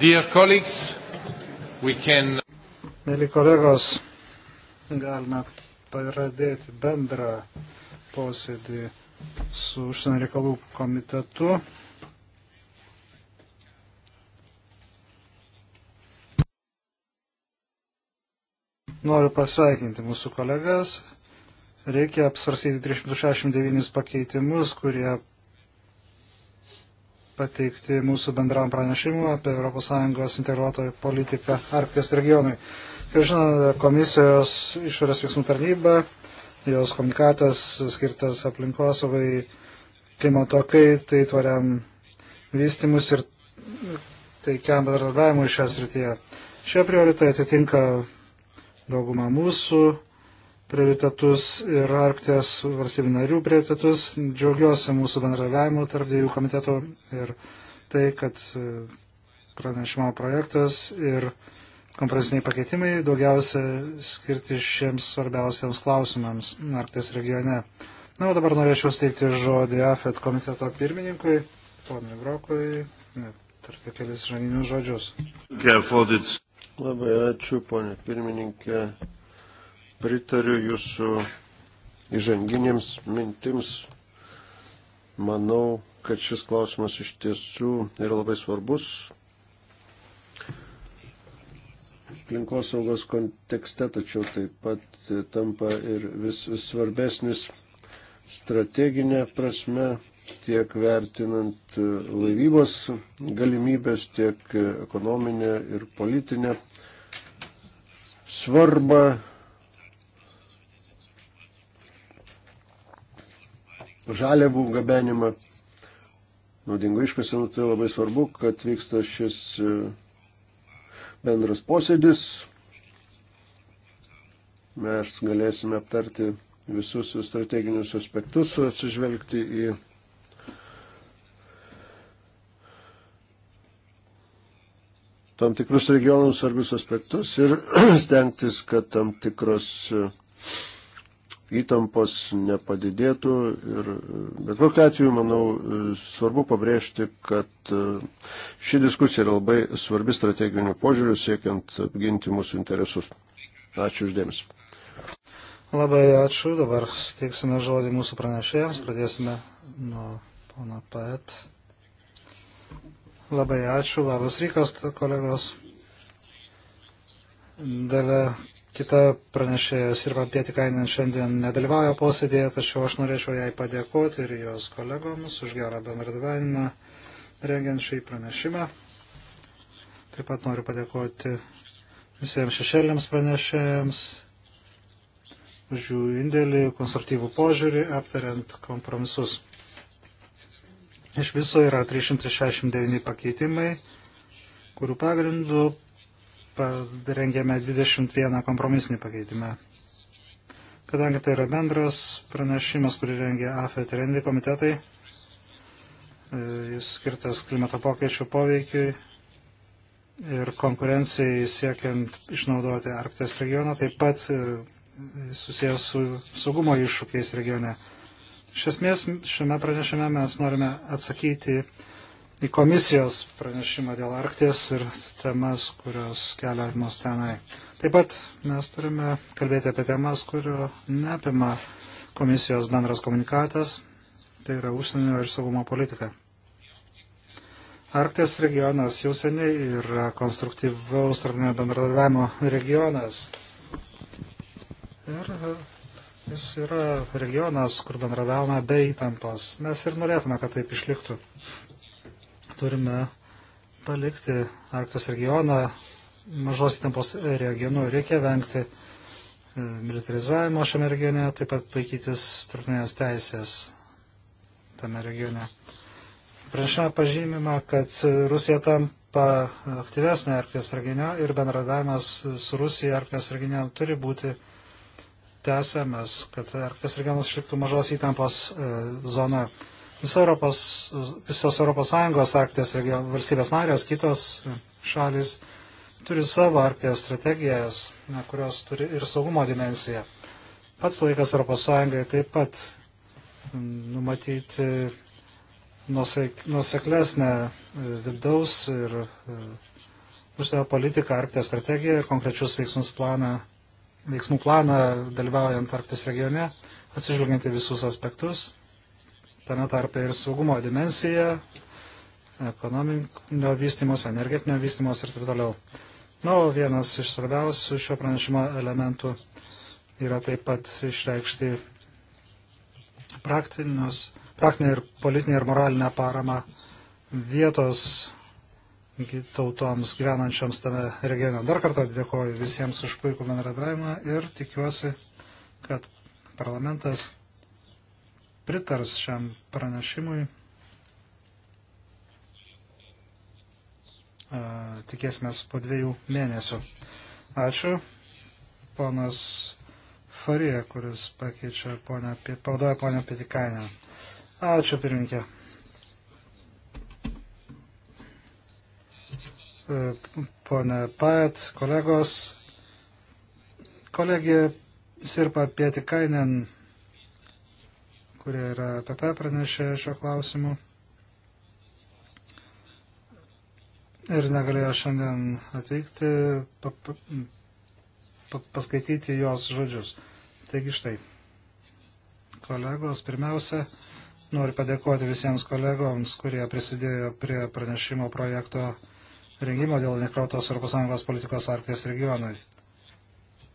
Dear colleagues, we can. Mėly kolegos, galime pradėti bendrą posėdį su užsienio reikalų komitetu. Noriu pasveikinti mūsų kolegas. Reikia apsarstyti 369 pakeitimus, kurie pateikti mūsų bendram pranešimu apie ES integruotoją politiką Arkties regionui. Kaip žinote, komisijos išorės veiksmų tarnyba, jos komunikatas skirtas aplinkosaugai, klimato kaitai, tvariam vystimus ir taikiam bendradarbiavimui šią srityje. Šie prioritetai atitinka daugumą mūsų prioritetus ir Arktės valstybių narių prioritetus. Džiaugiuosi mūsų bendravimu tarp dviejų komitetų ir tai, kad e, pranešimo projektas ir kompresiniai pakeitimai daugiausia skirti šiems svarbiausiams klausimams Arkties regione. Na, o dabar norėčiau steigti žodį AFET komiteto pirmininkui, ponui Brokui, tarkai kelis žaninius žodžius. Labai ačiū, ponė pirmininkė. Pritariu jūsų įžanginėms mintims. Manau, kad šis klausimas iš tiesų yra labai svarbus. Aplinkosaugos kontekste tačiau taip pat tampa ir vis svarbesnis strateginė prasme, tiek vertinant laivybos galimybės, tiek ekonominę ir politinę svarbą žaliavų gabenimą, naudingų iškasenų, tai labai svarbu, kad vyksta šis e, bendras posėdis. Mes galėsime aptarti visus strateginius aspektus, atsižvelgti į tam tikrus regionus svarbius aspektus ir stengtis, kad tam tikros įtampos nepadidėtų ir bet kokiu atveju, manau, svarbu pabrėžti, kad e, ši diskusija yra labai svarbi strateginių požiūrių siekiant apginti mūsų interesus. Ačiū uždėmesi. Labai ačiū. Dabar suteiksime žodį mūsų pranešėjams. Pradėsime nuo pono Paet. Labai ačiū. Labas rykas, kolegos. Dalia Kita pranešėja Sirva Pietikainen šiandien nedalyvauja posėdėje, tačiau aš norėčiau jai padėkoti ir jos kolegoms už gerą bendradavimą rengiant šį pranešimą. Taip pat noriu padėkoti visiems šešėliams pranešėjams už jų indėlį, konstruktyvų požiūrį, aptariant kompromisus. Iš viso yra 369 pakeitimai, kurių pagrindų parengėme 21 kompromisinį pakeitimą. Kadangi tai yra bendras pranešimas, kurį rengė AFET ir ENVI komitetai, e, jis skirtas klimato pokyčių poveikiui ir konkurencijai siekiant išnaudoti Arkties regioną, taip pat e, susijęs su saugumo iššūkiais regione. Iš esmės, šiame pranešime mes norime atsakyti į komisijos pranešimą dėl Arkties ir temas, kurios keliamos tenai. Taip pat mes turime kalbėti apie temas, kurio neapima komisijos bendras komunikatas, tai yra užsienio ir saugumo politika. Arkties regionas jau seniai yra konstruktyvaus tarpinio bendradarbiavimo regionas. Ir e, jis yra regionas, kur bendradavome be įtampos. Mes ir norėtume, kad taip išliktų turime palikti Arktos regioną mažos įtampos regionu. Reikia vengti e, militarizavimo šiame regione, taip pat laikytis tarptautinės teisės tame regione. Pranešime pažymima, kad Rusija tampa aktyvesnė Arkties regione ir bendradavimas su Rusija Arkties regione turi būti tęsiamas, kad Arkties regionas išliktų mažos įtampos e, zona. Visa Europos, visos Europos Sąjungos Arktijos valstybės narės, kitos šalis turi savo Arktijos strategijas, kurios turi ir saugumo dimensiją. Pats laikas Europos Sąjungai taip pat numatyti nuseklesnę e, vidaus ir e, užsienio politiką, Arktijos strategiją ir konkrečius veiksmus planą, veiksmų planą dalyvaujant Arktis regione, atsižvelgiant į visus aspektus tame tarpe ir saugumo dimensija, ekonominio vystimos, energetinio vystimos ir taip toliau. Na, o vienas iš svarbiausių šio pranešimo elementų yra taip pat išreikšti praktinę ir politinę ir moralinę paramą vietos tautoms gyvenančioms tame regione. Dar kartą dėkoju visiems už puikų bendradarbiavimą ir tikiuosi, kad parlamentas pritars šiam pranešimui. Tikėsime po dviejų mėnesių. Ačiū. Ponas Farija, kuris pakeičia ponę, paudoja ponę Pitikainę. Ačiū, pirminkė. E, Pone Paet, kolegos, kolegė Sirpa Pietikainen kurie yra EPP pranešę šio klausimu. Ir negalėjo šiandien atvykti, pa, pa, paskaityti jos žodžius. Taigi štai, kolegos, pirmiausia, noriu padėkoti visiems kolegoms, kurie prisidėjo prie pranešimo projekto rengimo dėl nekrautos ES politikos Arkties regionui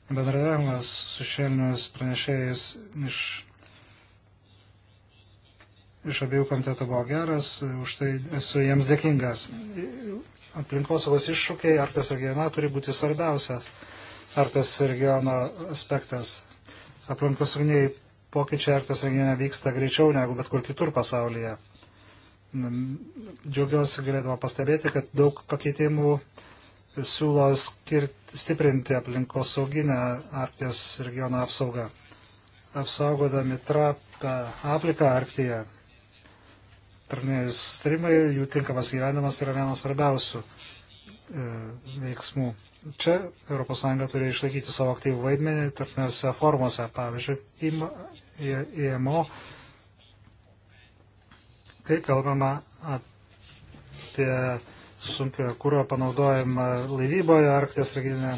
bendradavimas su šelnius pranešėjais iš iš abiejų komitetų buvo geras, už tai esu jiems dėkingas. Aplinkosaugos iššūkiai Arktos regione turi būti svarbiausias Arktos regiono aspektas. Aplinkosauginiai pokyčiai Arktos regione vyksta greičiau negu bet kur kitur pasaulyje. Mm, džiaugiuosi galėdama pastebėti, kad daug pakeitimų siūlo skirti, stiprinti aplinkosauginę Arkties regiono apsaugą. Apsaugodami trapę apliką Arktyje tarptautiniai sustarimai, jų tinkamas gyvenimas yra vienas svarbiausių e, veiksmų. Čia ES turi išlaikyti savo aktyvų vaidmenį tarptautinėse formuose, pavyzdžiui, IMO, e, e kai kalbama apie sunkio kūro panaudojimą laivyboje Arkties regione.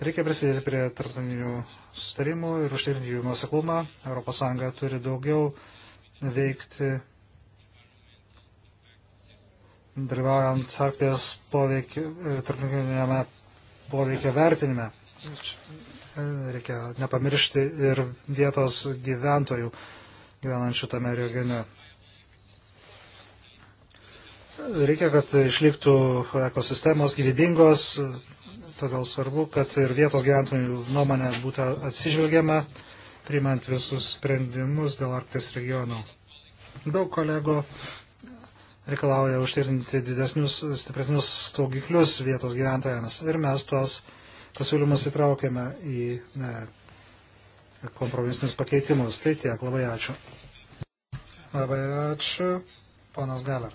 Reikia prisidėti prie tarptautinių sustarimų ir užtikrinti jų nuoseklumą. ES turi daugiau veikti dalyvaujant Arkties e, tarptautinėme poveikio vertinime. Reikia nepamiršti ir vietos gyventojų gyvenančių tame regione. Reikia, kad išliktų ekosistemos gyvybingos, todėl svarbu, kad ir vietos gyventojų nuomonė būtų atsižvelgiama, priimant visus sprendimus dėl Arktis regionų. Daug kolego reikalauja užtikrinti didesnius, stipresnius staugiklius vietos gyventojams. Ir mes tuos pasiūlymus įtraukėme į ne, kompromisinius pakeitimus. Tai tiek, labai ačiū. Labai ačiū, ponas Galer.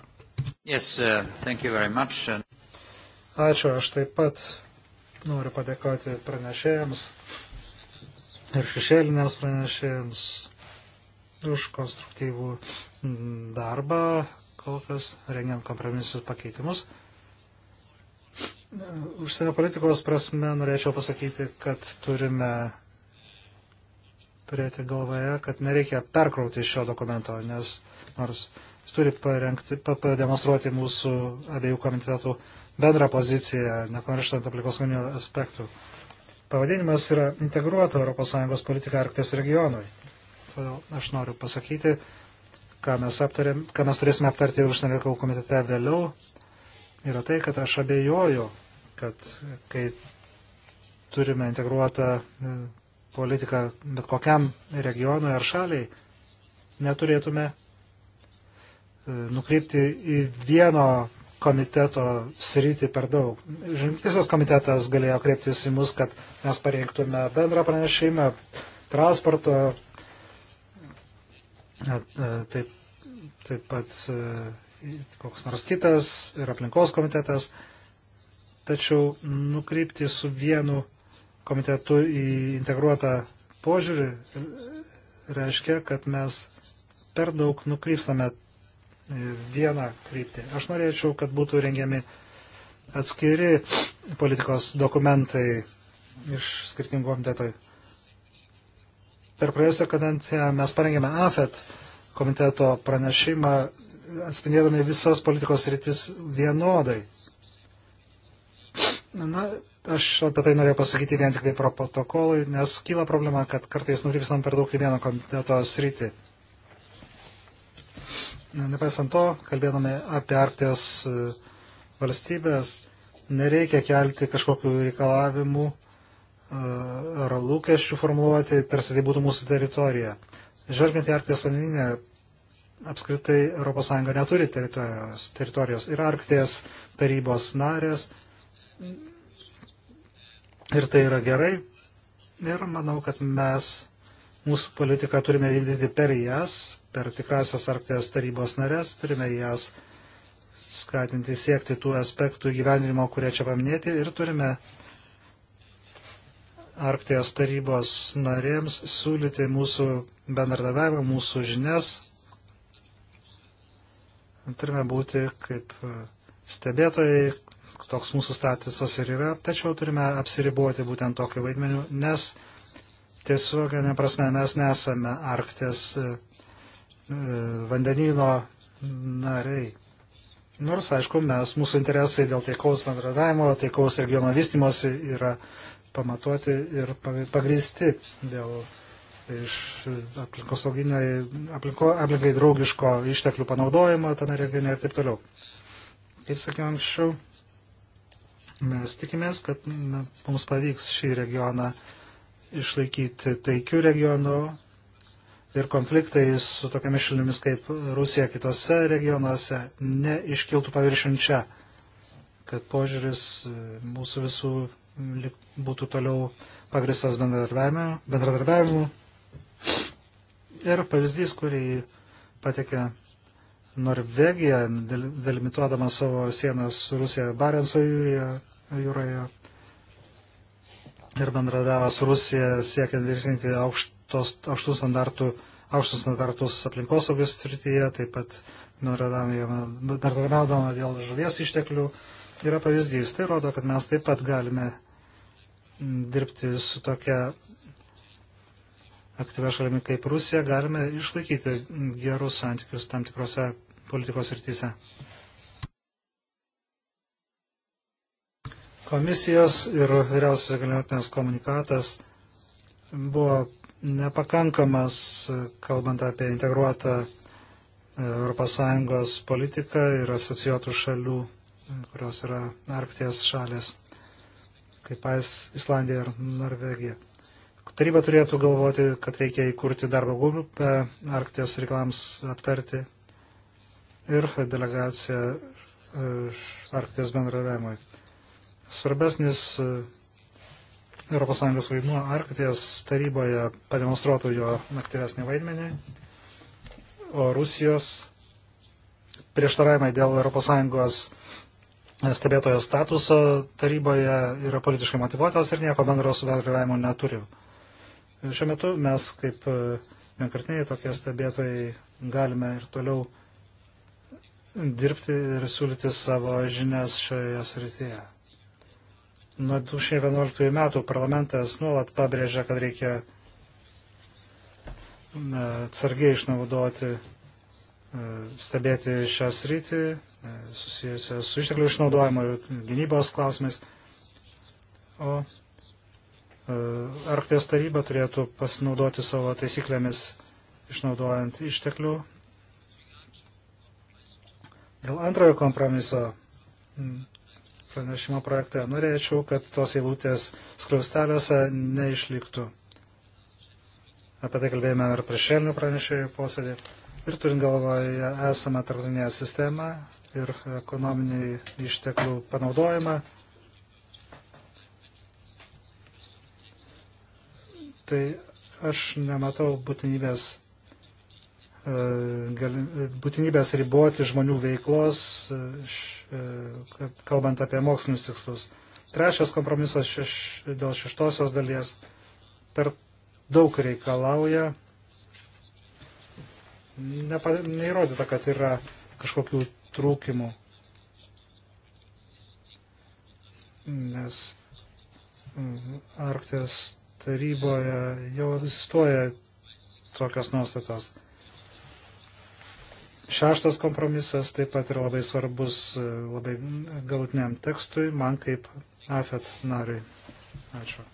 Yes, uh, thank you very much. Uh. Ačiū, aš taip pat noriu padėkoti pranešėjams ir šešėliniams pranešėjams už konstruktyvų mm, darbą, kol kas, rengiant kompromisus pakeitimus. Užsienio politikos prasme norėčiau pasakyti, kad turime turėti galvoje, kad nereikia perkrauti šio dokumento, nes nors jis turi parengti, pademonstruoti mūsų abiejų komitetų bendrą poziciją, nepamirštant aplikosinių aspektų. Pavadinimas yra integruota ES politika Arkties regionui. Todėl aš noriu pasakyti, ką mes, aptarėm, ką mes turėsime aptarti užsienio reikalų komitete vėliau, yra tai, kad aš abejoju, kad kai turime integruotą e, politiką bet kokiam regionui ar šaliai, neturėtume e, nukreipti į vieno komiteto sritį per daug. Žemdirbystės komitetas galėjo kreiptis į mus, kad mes pareiktume bendrą pranešimą transporto taip, taip pat koks nors kitas ir aplinkos komitetas, tačiau nukreipti su vienu komitetu į integruotą požiūrį reiškia, kad mes per daug nukrypstame vieną kryptį. Aš norėčiau, kad būtų rengiami atskiri politikos dokumentai iš skirtingų komitetojų Per praėjusią kadenciją mes parengėme AFET komiteto pranešimą, atspindėdami visas politikos rytis vienodai. Na, aš apie tai norėjau pasakyti vien tik tai pro protokolui, nes kyla problema, kad kartais nukrypstam per daug į vieną komiteto sritį. Nepaisant to, kalbėdami apie Arktijos e, valstybės, nereikia kelti kažkokių reikalavimų E, ar lūkesčių formuluoti, tarsi tai būtų mūsų teritorija. Žvelgiant į Arkties vandeninę, apskritai ES neturi teritorijos, teritorijos. Yra Arkties tarybos narės ir tai yra gerai. Ir manau, kad mes mūsų politiką turime vykdyti per jas, per tikrasias Arkties tarybos narės, turime jas skatinti siekti tų aspektų gyvenimo, kurie čia paminėti ir turime uh, Arkties tarybos narėms siūlyti mūsų bendradarbiavimą, mūsų žinias. Turime būti kaip e, stebėtojai, toks mūsų statusas ir yra, tačiau turime apsiriboti būtent tokiu vaidmeniu, nes tiesiog, neprasme, mes nesame Arkties e, e, vandenyno nariai. Nors, aišku, mes, mūsų interesai dėl taikaus bendradavimo, taikaus regiono vystimosi yra pamatuoti ir pagristi dėl iš aplinko, aplinkai draugiško išteklių panaudojimo tame regione ir taip toliau. Kaip sakiau anksčiau, mes tikimės, kad mums pavyks šį regioną išlaikyti taikių regionų ir konfliktai su tokiamis šalimis kaip Rusija kitose regionuose neiškiltų paviršinčia, kad požiūris mūsų visų būtų toliau pagristas bendradarbiavimu. Ir pavyzdys, kurį patikė Norvegija, delimituodama savo sienas su Rusija Barenso jūroje ir bendradavo su Rusija siekiant viršinti aukštus standartų, aukštus standartus aplinkosaugos srityje, taip pat bendradarbiavama dėl žuvies išteklių yra pavyzdys. Tai rodo, kad mes taip pat galime dirbti su tokia aktyvia šalimi kaip Rusija, galime išlaikyti gerus santykius tam tikrose politikos rytise. Komisijos ir vyriausios galiotinės komunikatas buvo nepakankamas, kalbant apie integruotą ES politiką ir asociuotų šalių kurios yra Arkties šalis, kaip Islandija ir Norvegija. Taryba turėtų galvoti, kad reikia įkurti darbo grupę Arkties reikalams aptarti ir delegaciją e, Arkties bendravimui. Svarbesnis e, ES vaidmuo Arkties taryboje pademonstruotų jo aktyvesnį vaidmenį, o Rusijos prieštaravimai dėl ES stebėtojo statuso taryboje yra politiškai motivuotas ir nieko bendro su dalyvavimu neturi. Šiuo metu mes kaip e, vienkartiniai tokie stebėtojai galime ir toliau dirbti ir siūlyti savo žinias šioje srityje. Nuo 2011 metų parlamentas nuolat pabrėžia, kad reikia e, atsargiai išnaudoti stebėti šią sritį, e, susijusią su išteklių išnaudojimo ir gynybos klausimais. O e, Arkties taryba turėtų pasinaudoti savo taisyklėmis išnaudojant išteklių. Dėl antrojo kompromiso pranešimo projekte norėčiau, kad tos eilutės skliausteliuose neišliktų. Apie tai kalbėjome ir prieš šelnių pranešėjų posėdį. Ir turint galvoje esamą tarptautinę sistemą ir ekonominį išteklių panaudojimą, tai aš nematau būtinybės, e, būtinybės riboti žmonių veiklos, e, e, kalbant apie mokslinius tikslus. Trečias kompromisas šeš, dėl šeštosios dalies per daug reikalauja nepa, neįrodyta, kad yra kažkokių trūkimų. Nes mm, Arktės taryboje jau egzistuoja tokios nuostatos. Šeštas kompromisas taip pat yra labai svarbus labai galutiniam tekstui, man kaip AFET nariui. Ačiū.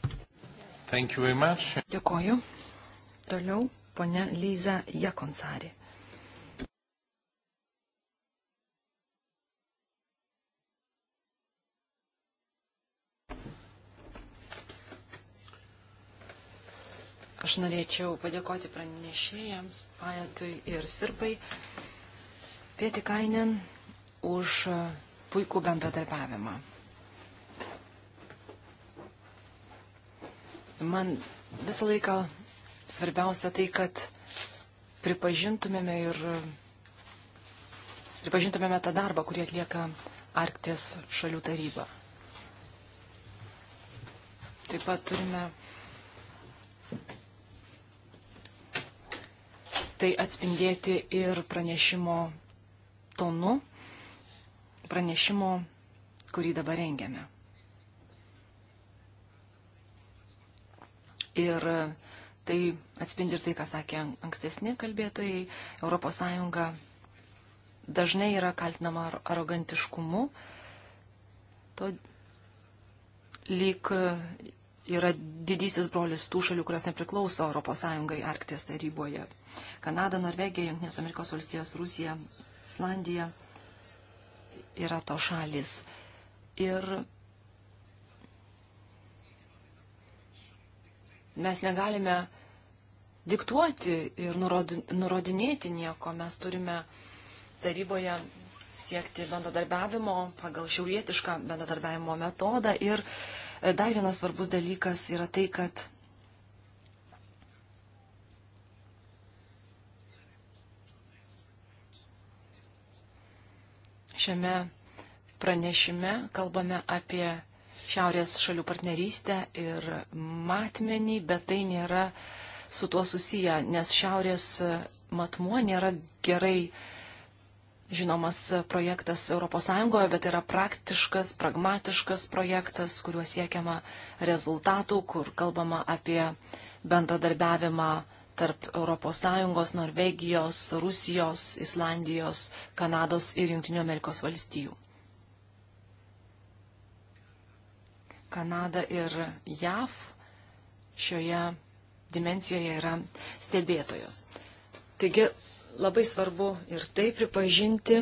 Dėkoju. Toliau ponia Lyza Jakonsari. Aš norėčiau padėkoti pranešėjams, Pajatui ir Sirpai, Pietikainen, už puikų bendradarbiavimą. Man visą laiką Svarbiausia tai, kad pripažintumėme ir pripažintumėme tą darbą, kurį atlieka Arkties šalių taryba. Taip pat turime tai atspindėti ir pranešimo tonu, pranešimo, kurį dabar rengiame. Ir uh, Tai atspindi ir tai, ką sakė ankstesni kalbėtojai. ES dažnai yra kaltinama arogantiškumu. To lyg yra didysis brolis tų šalių, kurios nepriklauso ES Arkties taryboje. Kanada, Norvegija, Junktinės Amerikos valstijos, Rusija, Islandija yra to šalis. Ir mes negalime diktuoti ir nurodinėti nieko. Mes turime taryboje siekti bendradarbiavimo pagal šiaurietišką bendradarbiavimo metodą. Ir e, dar vienas svarbus dalykas yra tai, kad šiame pranešime kalbame apie Šiaurės šalių partnerystę ir matmenį, bet tai nėra uh, su tuo susiję, nes šiaurės matmuo nėra gerai žinomas projektas ES, bet yra praktiškas, pragmatiškas projektas, kuriuo siekiama rezultatų, kur kalbama apie bendradarbiavimą tarp ES, Norvegijos, Rusijos, Islandijos, Kanados ir Junktinių Amerikos valstijų. Kanada ir JAV šioje dimencijoje yra stebėtojos. Taigi labai svarbu ir tai pripažinti.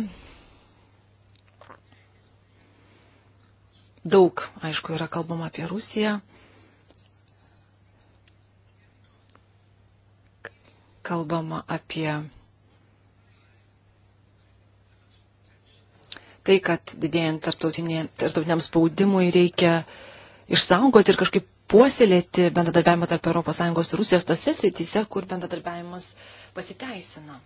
Daug, aišku, yra kalbama apie Rusiją. Kalbama apie tai, kad didėjant tarptautiniam spaudimui reikia išsaugoti ir kažkaip puoselėti bendradarbiavimą tarp ES ir Rusijos tose srityse, kur bendradarbiavimas pasiteisina.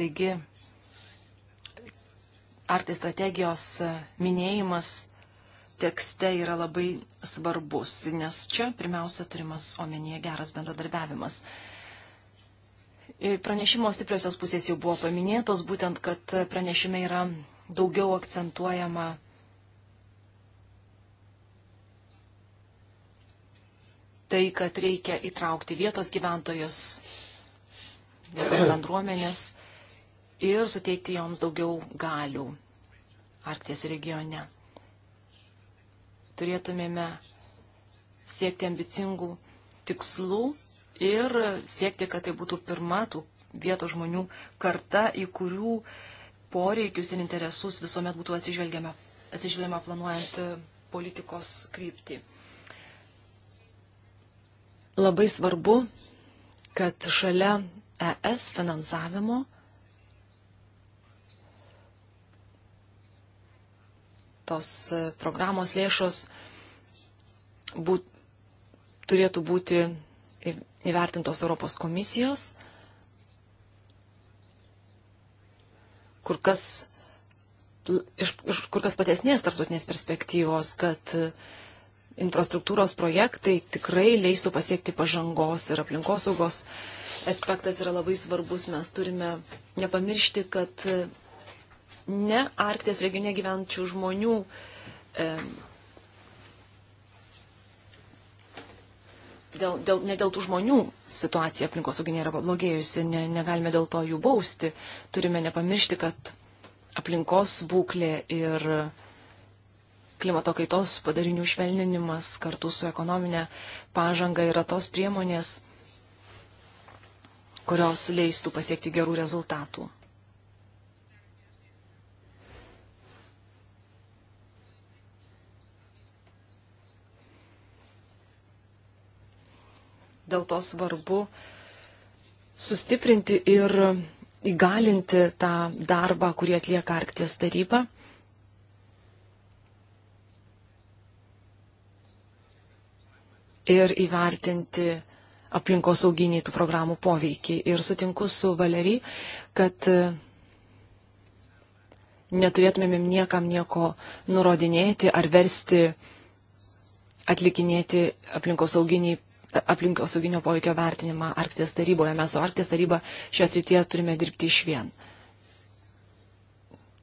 Taigi, ar tai strategijos minėjimas tekste yra labai svarbus, nes čia pirmiausia turimas omenyje geras bendradarbiavimas. Pranešimo stipriosios pusės jau buvo paminėtos, būtent, kad pranešime yra daugiau akcentuojama tai, kad reikia įtraukti vietos gyventojus, vietos bendruomenės ir suteikti joms daugiau galių Arkties regione. Turėtumėme siekti ambicingų tikslų ir siekti, kad tai būtų pirma tų vietos žmonių karta, į kurių poreikius ir interesus visuomet būtų atsižvelgiama, atsižvelgiama planuojant politikos kryptį labai svarbu, kad šalia ES finansavimo tos e, programos lėšos būt, turėtų būti įvertintos Europos komisijos, kur kas, iš, iš kur kas platesnės tarptautinės perspektyvos, kad uh, infrastruktūros projektai tikrai leistų pasiekti pažangos ir aplinkosaugos aspektas yra labai svarbus. Mes turime nepamiršti, kad e, ne Arktės regione gyvenčių žmonių e, dėl, dėl, ne dėl tų žmonių situacija aplinkosauginė yra pablogėjusi, ne, negalime dėl to jų bausti. Turime nepamiršti, kad aplinkos būklė ir klimato kaitos padarinių švelninimas kartu su ekonominė pažanga yra tos priemonės, kurios leistų pasiekti gerų rezultatų. Dėl to svarbu sustiprinti ir įgalinti tą darbą, kurį atlieka Arkties taryba ir įvertinti aplinkos auginį tų programų poveikį. Ir sutinku su Valery, kad e, neturėtumėm niekam nieko nurodinėti ar versti atlikinėti aplinkos auginį aplinkos sauginio poveikio vertinimą Arkties taryboje. Mes su Arkties taryba šios rytyje turime dirbti iš vien.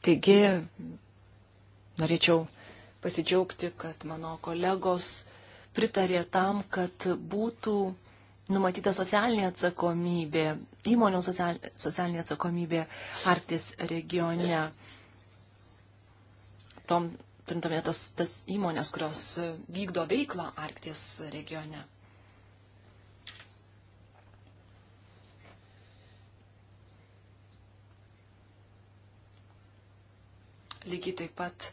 Taigi, norėčiau pasidžiaugti, kad mano kolegos pritarė tam, kad būtų numatyta socialinė atsakomybė, įmonių socialinė atsakomybė Arktis regione. Tom turintumė tas, tas įmonės, kurios vykdo veiklą Arktis regione. Lygiai taip pat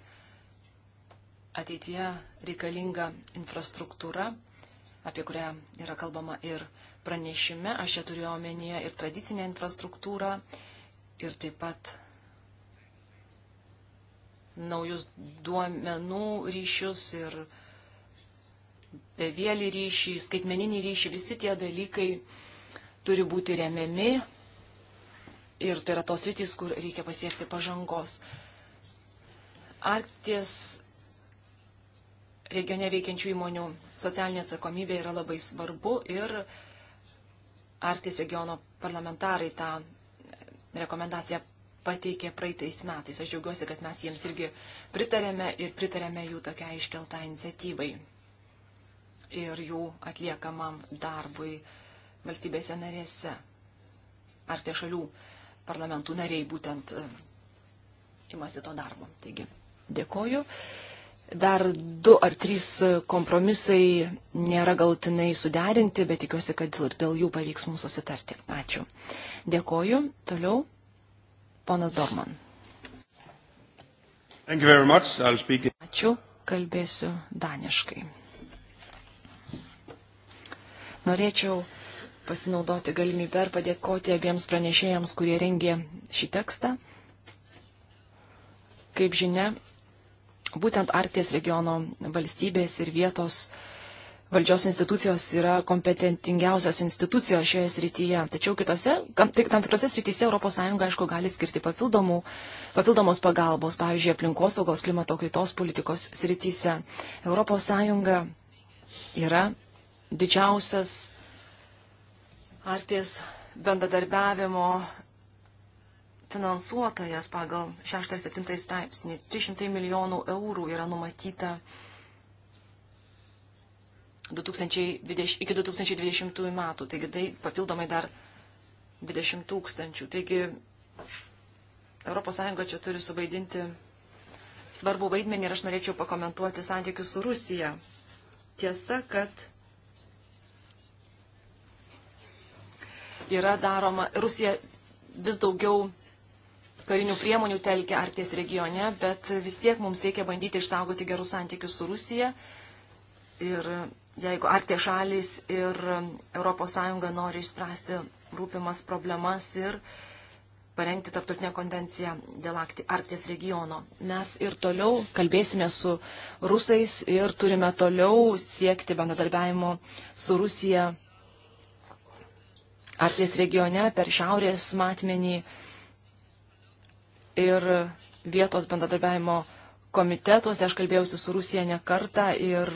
ateityje reikalinga infrastruktūra, apie kurią yra kalbama ir pranešime. Aš čia turiu omenyje ir tradicinę infrastruktūrą, ir taip pat naujus duomenų ryšius ir bevėlį ryšį, skaitmeninį ryšį, visi tie dalykai turi būti remiami ir tai yra tos rytis, kur reikia pasiekti pažangos. Arkties regione veikiančių įmonių socialinė atsakomybė yra labai svarbu ir Arktis regiono parlamentarai tą rekomendaciją pateikė praeitais metais. Aš džiaugiuosi, kad mes jiems irgi pritarėme ir pritarėme jų tokia iškeltą iniciatyvai ir jų atliekamam darbui valstybėse narėse. Ar tie šalių parlamentų nariai būtent e, imasi to darbo. Taigi, dėkoju. Dar du ar trys kompromisai nėra galutinai suderinti, bet tikiuosi, kad ir dėl jų pavyks mums susitarti. Ačiū. Dėkoju. Toliau ponas Dorman. Ačiū. Kalbėsiu daniškai. Norėčiau pasinaudoti galimybę ir padėkoti abiems pranešėjams, kurie rengė šį tekstą. Kaip žinia, būtent Arkties regiono valstybės ir vietos valdžios institucijos yra kompetentingiausios institucijos šioje srityje. Tačiau kitose, tam tikrose srityse ES, aišku, gali skirti papildomų, papildomos pagalbos, pavyzdžiui, aplinkosaugos, klimato kaitos politikos srityse. ES yra didžiausias Arkties bendradarbiavimo finansuotojas pagal 6-7 straipsnį. 300 milijonų eurų yra numatyta 2020, iki 2020 metų, taigi tai papildomai dar 20 tūkstančių. Taigi ES čia turi suvaidinti svarbu vaidmenį ir aš norėčiau pakomentuoti santykius su Rusija. Tiesa, kad yra daroma, Rusija vis daugiau karinių priemonių telkia Arkties regione, bet vis tiek mums reikia bandyti išsaugoti gerus santykius su Rusija. Ir jeigu Arkties šalis ir ES nori išspręsti rūpimas problemas ir parengti tarptautinę konvenciją dėl Arkties regiono. Mes ir toliau kalbėsime su rusais ir turime toliau siekti bendradarbiavimo su Rusija Arkties regione per šiaurės matmenį ir vietos bendradarbiavimo komitetuose. Aš kalbėjausi su Rusija ne kartą ir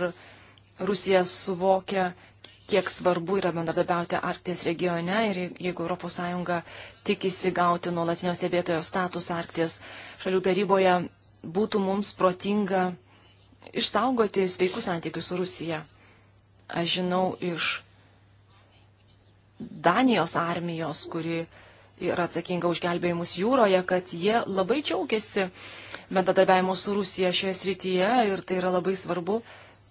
Rusija suvokia, kiek svarbu yra bendradarbiauti Arkties regione ir jeigu ES tikisi gauti nuolatinio stebėtojo statusą Arkties šalių taryboje, būtų mums protinga išsaugoti sveikus santykius su Rusija. Aš žinau iš Danijos armijos, kuri uh, yra atsakinga už gelbėjimus jūroje, kad jie labai džiaugiasi bendradarbiavimu su Rusija šioje srityje ir tai yra labai svarbu,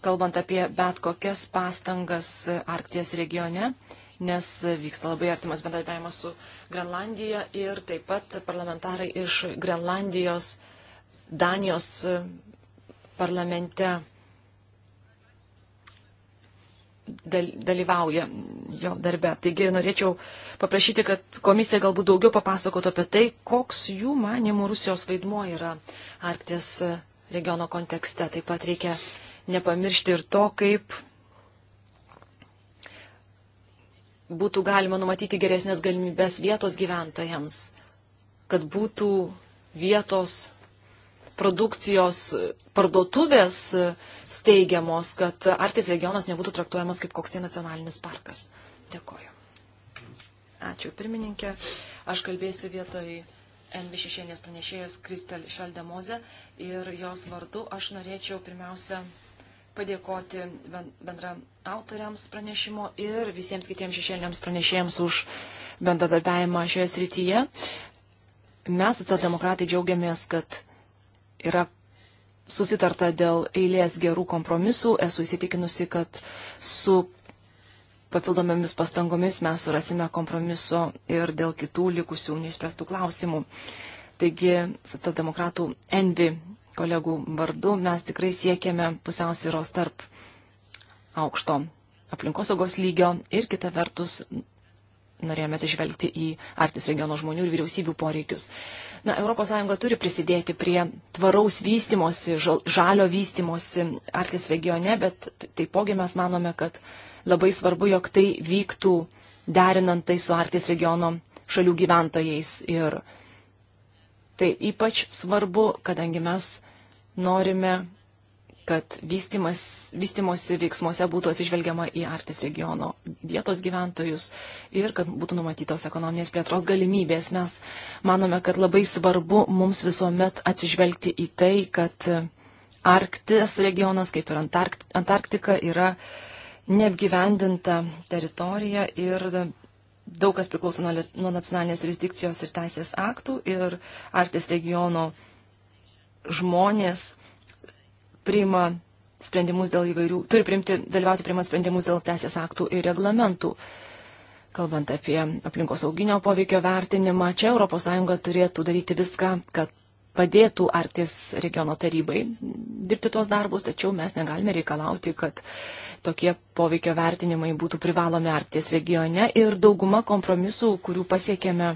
kalbant apie bet kokias pastangas Arkties regione, nes vyksta labai artimas bendradarbiavimas su Grenlandija ir taip pat parlamentarai iš Grenlandijos, Danijos e, parlamente dalyvauja jo darbe. Taigi norėčiau paprašyti, kad komisija galbūt daugiau papasakotų apie tai, koks jų manimų Rusijos vaidmuo yra Arkties regiono kontekste. Taip pat reikia nepamiršti ir to, kaip būtų galima numatyti geresnės galimybės vietos gyventojams, kad būtų vietos produkcijos parduotuvės steigiamos, kad Arktis regionas nebūtų traktuojamas kaip koks tai nacionalinis parkas. Dėkoju. Ačiū, pirmininkė. Aš kalbėsiu vietoj NB šešienės pranešėjos Kristel Šaldemoze ir jos vardu aš norėčiau pirmiausia padėkoti bendra autoriams pranešimo ir visiems kitiems šešėliniams pranešėjams už bendradarbiavimą šioje srityje. Mes, socialdemokratai, džiaugiamės, kad yra susitarta dėl eilės gerų kompromisų. Esu įsitikinusi, kad su papildomomis pastangomis mes surasime kompromiso ir dėl kitų likusių neišspręstų klausimų. Taigi, socialdemokratų Envi kolegų vardu mes tikrai siekiame pusiausvyros tarp aukšto aplinkosaugos lygio ir kita vertus norėjome atsižvelgti į Arktis regiono žmonių ir vyriausybių poreikius. Na, ES turi prisidėti prie tvaraus vystimosi, žalio vystimosi Arktis regione, bet taipogi mes manome, kad labai svarbu, jog tai vyktų derinant tai su Arktis regiono šalių gyventojais. Ir tai ypač svarbu, kadangi mes norime kad vystimosi veiksmuose būtų atsižvelgiama į Arktis regiono vietos gyventojus ir kad būtų numatytos ekonominės plėtros galimybės. Mes manome, kad labai svarbu mums visuomet atsižvelgti į tai, kad Arktis regionas, kaip ir Antarkt, Antarktika, yra neapgyvendinta teritorija ir daug kas priklauso nuo, nuo nacionalinės jurisdikcijos ir teisės aktų ir Arktis regiono žmonės priima sprendimus dėl įvairių, turi priimti, dalyvauti priimant sprendimus dėl teisės aktų ir reglamentų. Kalbant apie aplinkos auginio poveikio vertinimą, čia ES turėtų daryti viską, kad padėtų Arktis regiono tarybai dirbti tuos darbus, tačiau mes negalime reikalauti, kad tokie poveikio vertinimai būtų privalomi Arktis regione ir dauguma kompromisų, kurių pasiekėme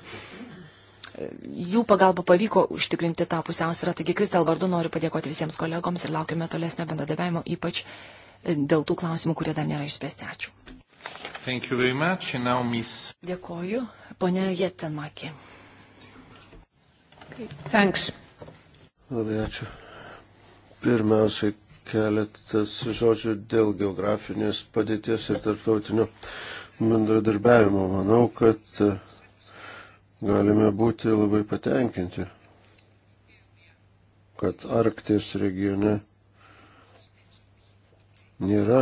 jų pagalba pavyko užtikrinti tą pusiausvyrą. Taigi, Kristel vardu noriu padėkoti visiems kolegoms ir laukiame tolesnio bendradarbiavimo, ypač e, dėl tų klausimų, kurie dar nėra išspręsti. Ačiū. Now, miss... Dėkoju. Pone Jetenmakė. Thanks. Labai ačiū. Pirmiausiai keletas žodžių dėl geografinės padėties ir tarptautinio bendradarbiavimo. Manau, kad galime būti labai patenkinti, kad Arktis regione nėra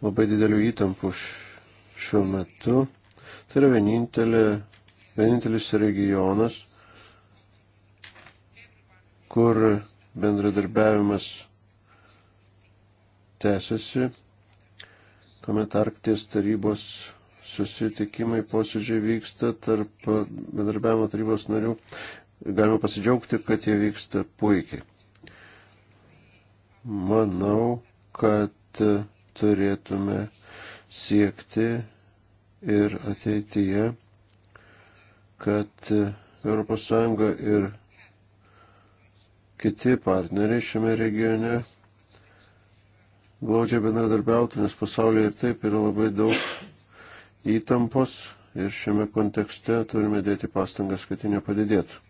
labai didelių įtampų šiuo metu. Tai yra vienintelė, vienintelis regionas, kur bendradarbiavimas tęsiasi, kuomet Arkties tarybos susitikimai posėdžiai vyksta tarp bendarbiavimo tarybos narių. Galima pasidžiaugti, kad jie vyksta puikiai. Manau, kad turėtume siekti ir ateityje, kad ES ir kiti partneriai šiame regione glaudžiai bendradarbiautų, nes pasaulyje ir taip yra labai daug įtampos ir šiame kontekste turime dėti pastangas, kad ji nepadidėtų.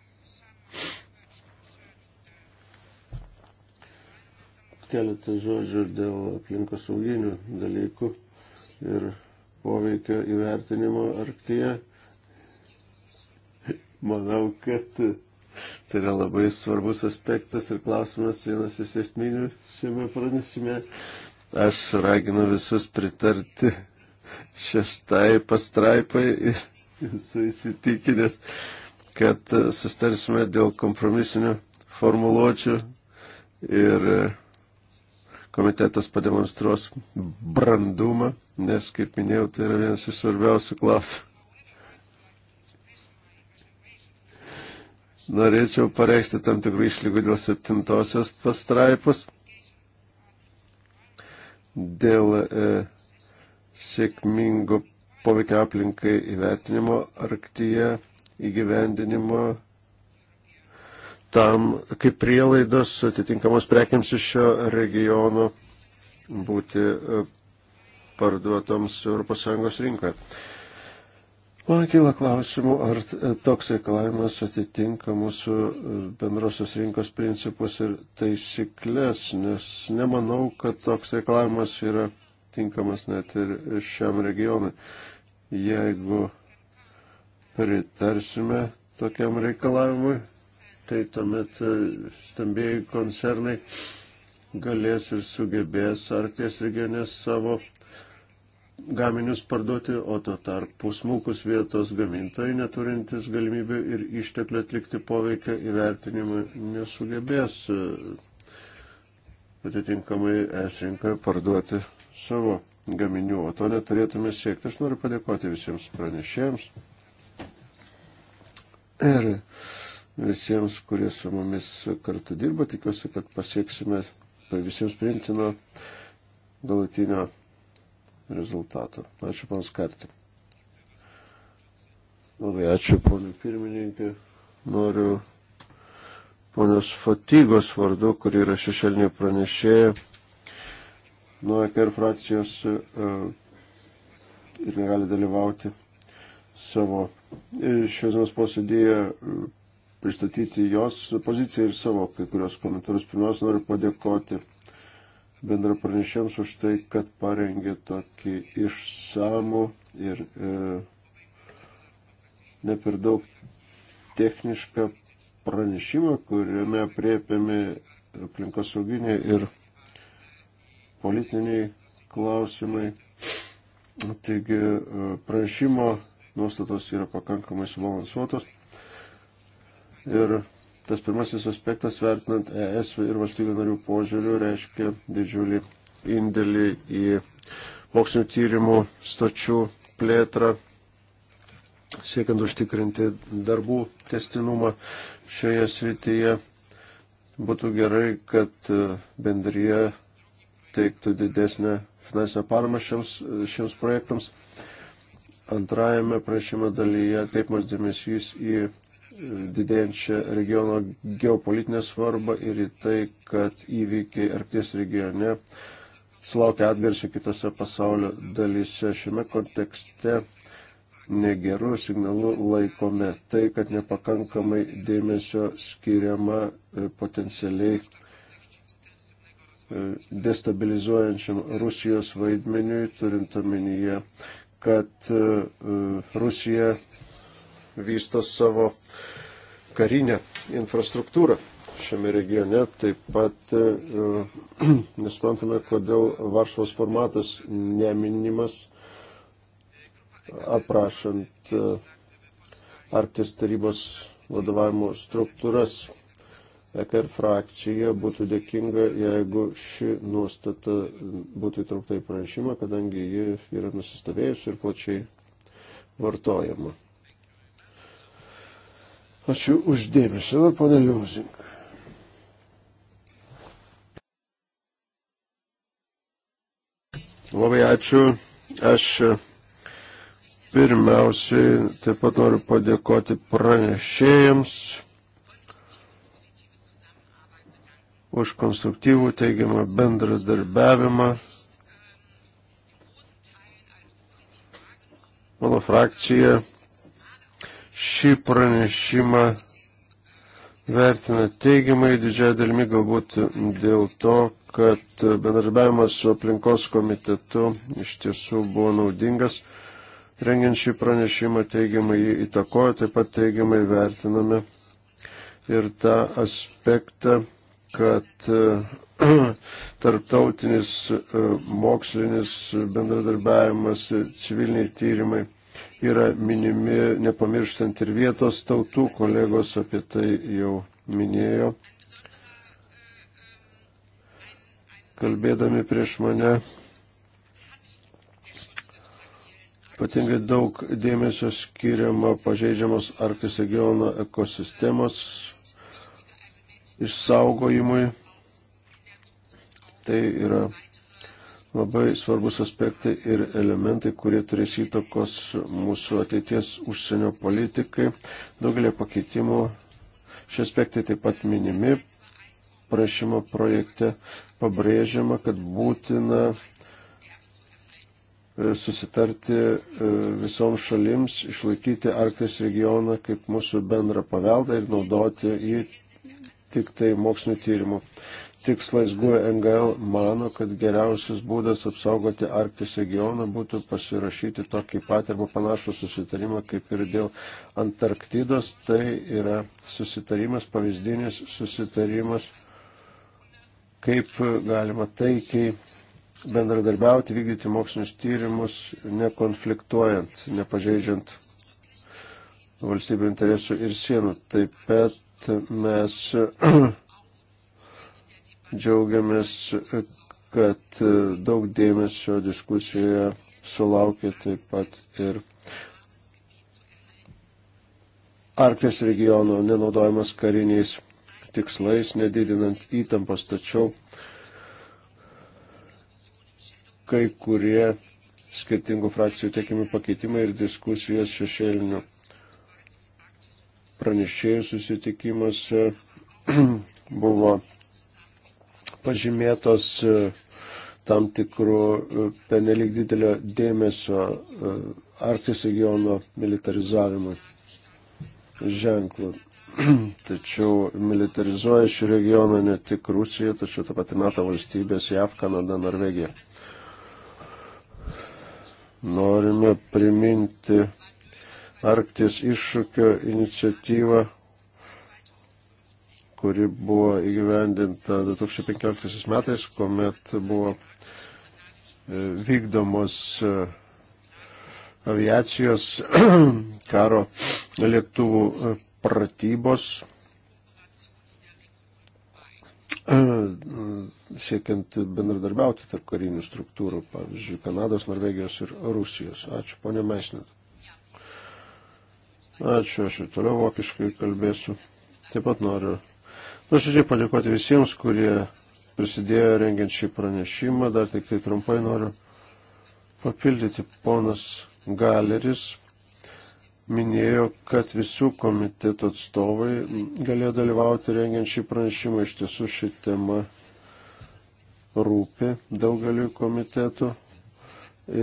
Keletą žodžių dėl aplinkos sauginių dalykų ir poveikio įvertinimo arktyje. Manau, kad Tai yra labai svarbus aspektas ir klausimas vienas iš esminių šiame pranešime. Aš raginu visus pritarti šeštai pastraipai ir esu įsitikinęs, kad sustarsime dėl kompromisinių formuluočių ir komitetas pademonstruos brandumą, nes, kaip minėjau, tai yra vienas iš svarbiausių klausimų. Norėčiau pareikšti tam tikrų išlygų dėl septintosios pastraipos, dėl e, sėkmingo poveikio aplinkai įvertinimo arktyje įgyvendinimo tam, kaip prielaidos atitinkamos prekiams iš šio regiono būti e, parduotoms ES rinkoje. Man kyla klausimų, ar e, toks reikalavimas atitinka mūsų e, bendrosios rinkos principus ir taisyklės, nes nemanau, kad toks reikalavimas yra tinkamas net ir šiam regionui. Jeigu pritarsime tokiam reikalavimui, tai tuomet e, stambėjai koncernai galės ir sugebės Arkties regione savo gaminius parduoti, o to tarpu smulkus vietos gamintojai, neturintis galimybių ir išteklių atlikti poveikia įvertinimą, nesugebės e, atitinkamai es rinkoje parduoti savo gaminių, o to neturėtume siekti. Aš noriu padėkoti visiems pranešėjams ir visiems, kurie su mumis kartu dirba. Tikiuosi, kad pasieksime visiems priimtino galutinio rezultato. Ačiū, panas Kartė. Labai ačiū, ponai pirmininkė. Noriu ponios Fatygos vardu, kuri yra šešėlinė pranešėja nuo EKR frakcijos e, ir negali dalyvauti savo e, šios dienos posėdėje e, pristatyti jos poziciją ir savo kai kurios komentarus. Pirmiausia, noriu padėkoti bendra pranešėms už tai, kad parengė tokį išsamų ir e, ne per daug technišką pranešimą, kuriame priepėmi aplinkosauginė ir politiniai klausimai. Taigi e, pranešimo nuostatos yra pakankamai subalansuotos. Ir tas pirmasis aspektas, vertinant ES ir valstybių narių požiūrių, reiškia didžiulį indėlį į mokslinio tyrimų stočių plėtrą, siekiant užtikrinti darbų testinumą šioje srityje. Būtų gerai, kad e, bendryje teiktų didesnę finansinę paramą šiems, šiems projektams. Antrajame pranešimo dalyje atkreipimas dėmesys į didėjančią regiono geopolitinę svarbą ir į tai, kad įvykiai Arkties regione sulaukia atgarsio kitose pasaulio dalyse. Šiame kontekste negerų signalų laikome tai, kad nepakankamai dėmesio skiriama e, potencialiai destabilizuojančiam Rusijos vaidmeniui, turint omenyje, kad e, e, Rusija vysto savo karinę infrastruktūrą šiame regione. Taip pat e, nesupantame, kodėl Varšuvos formatas neminimas aprašant Arktis tarybos vadovavimo struktūras EKR frakcija būtų dėkinga, jeigu ši nuostata būtų įtraukta į pranešimą, kadangi ji yra nusistovėjusi ir plačiai vartojama. Ačiū uždėmesi, dabar ponė Liuzink. Labai ačiū. Aš pirmiausiai taip pat noriu padėkoti pranešėjams už konstruktyvų teigiamą bendradarbiavimą. Mano frakcija šį pranešimą vertina teigiamai, didžiai dalimi galbūt dėl to, kad bendradarbiavimas su aplinkos komitetu iš tiesų buvo naudingas. Rengiant šį pranešimą teigiamai jį įtakojo, taip pat teigiamai vertiname ir tą aspektą kad e, tarptautinis e, mokslinis bendradarbiavimas, civiliniai tyrimai yra minimi, nepamirštant ir vietos tautų, kolegos apie tai jau minėjo. Kalbėdami prieš mane, ypatingai daug dėmesio skiriama pažeidžiamos Arktis regiono ekosistemos išsaugojimui. Tai yra labai svarbus aspektai ir elementai, kurie turės įtakos mūsų ateities užsienio politikai. Daugelį pakeitimų šie aspektai taip pat minimi. Prašymo projekte pabrėžiama, kad būtina e, susitarti e, visoms šalims, išlaikyti Arktis regioną kaip mūsų bendrą paveldą ir naudoti jį tik tai mokslinio tyrimų tikslais. GUE NGL mano, kad geriausias būdas apsaugoti Arktis regioną būtų pasirašyti tokį pat arba panašų susitarimą kaip ir dėl Antarktidos. Tai yra susitarimas, pavyzdinis susitarimas, kaip galima taikiai bendradarbiauti, vykdyti mokslinius tyrimus, nekonfliktuojant, nepažeidžiant valstybių interesų ir sienų. Taip pat pat mes džiaugiamės, kad daug dėmesio diskusijoje sulaukė taip pat ir Arkties regiono nenaudojimas kariniais tikslais, nedidinant įtampos, tačiau kai kurie skirtingų frakcijų tiekimi pakeitimai ir diskusijos šešėlinių pranešėjų susitikimuose buvo pažymėtos e, tam tikrų e, penelik didelio dėmesio e, Arktis regiono militarizavimui ženklų. tačiau militarizuoja šį regioną ne tik Rusija, tačiau tą patį metą valstybės JAV, Kanada, Norvegija. Norime priminti Arktis iššūkio iniciatyvą, kuri buvo įgyvendinta 2015 metais, kuomet buvo e, vykdomos e, aviacijos karo lėktuvų e, pratybos siekiant bendradarbiauti tarp karinių struktūrų, pavyzdžiui, Kanados, Norvegijos ir Rusijos. Ačiū, ponė Meisnet. Ačiū, aš ir toliau vokiškai kalbėsiu. Taip pat noriu nuoširdžiai padėkoti visiems, kurie prisidėjo rengiant šį pranešimą. Dar tik tai trumpai noriu papildyti. Ponas Galeris minėjo, kad visų komiteto atstovai galėjo dalyvauti rengiant šį pranešimą. Iš tiesų ši tema rūpi daugeliu komitetų.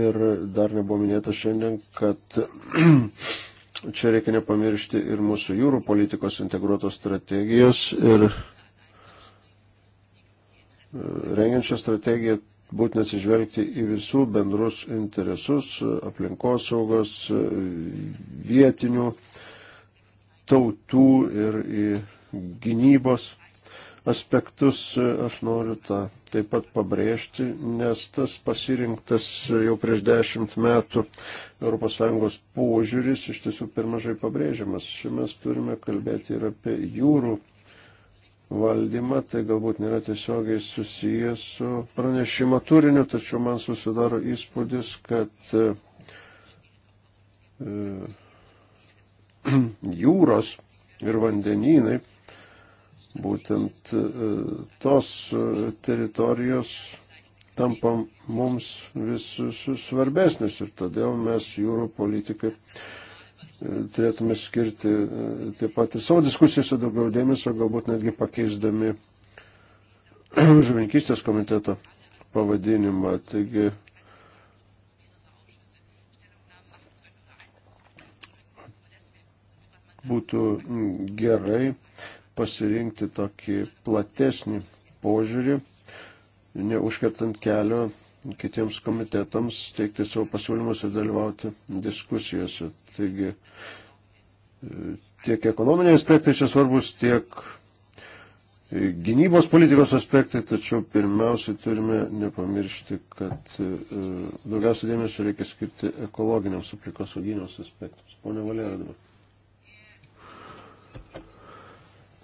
Ir dar nebuvo minėta šiandien, kad Čia reikia nepamiršti ir mūsų jūrų politikos integruotos strategijos ir e, rengiant šią strategiją būtina atsižvelgti į visų bendrus interesus - aplinkosaugos, vietinių tautų ir į gynybos aspektus aš noriu tą taip pat pabrėžti, nes tas pasirinktas jau prieš dešimt metų ES požiūris iš tiesų per mažai pabrėžiamas. Šiandien mes turime kalbėti ir apie jūrų valdymą, tai galbūt nėra tiesiogiai susijęs su pranešimo turiniu, tačiau man susidaro įspūdis, kad e, jūros ir vandenynai būtent e, tos e, teritorijos tampa mums vis svarbesnis ir todėl mes jūrų politikai e, turėtume skirti taip pat ir savo diskusijose daugiau dėmesio, galbūt netgi pakeisdami žuvinkystės komiteto pavadinimą. Taigi, būtų gerai pasirinkti tokį platesnį požiūrį, neužkertant kelio kitiems komitetams teikti savo pasiūlymus ir dalyvauti diskusijose. Taigi tiek ekonominiai aspektai čia svarbus, tiek gynybos politikos aspektai, tačiau pirmiausiai turime nepamiršti, kad e, daugiausia dėmesio reikia skirti ekologiniams aplikosauginiams aspektams. Pone Valera dabar.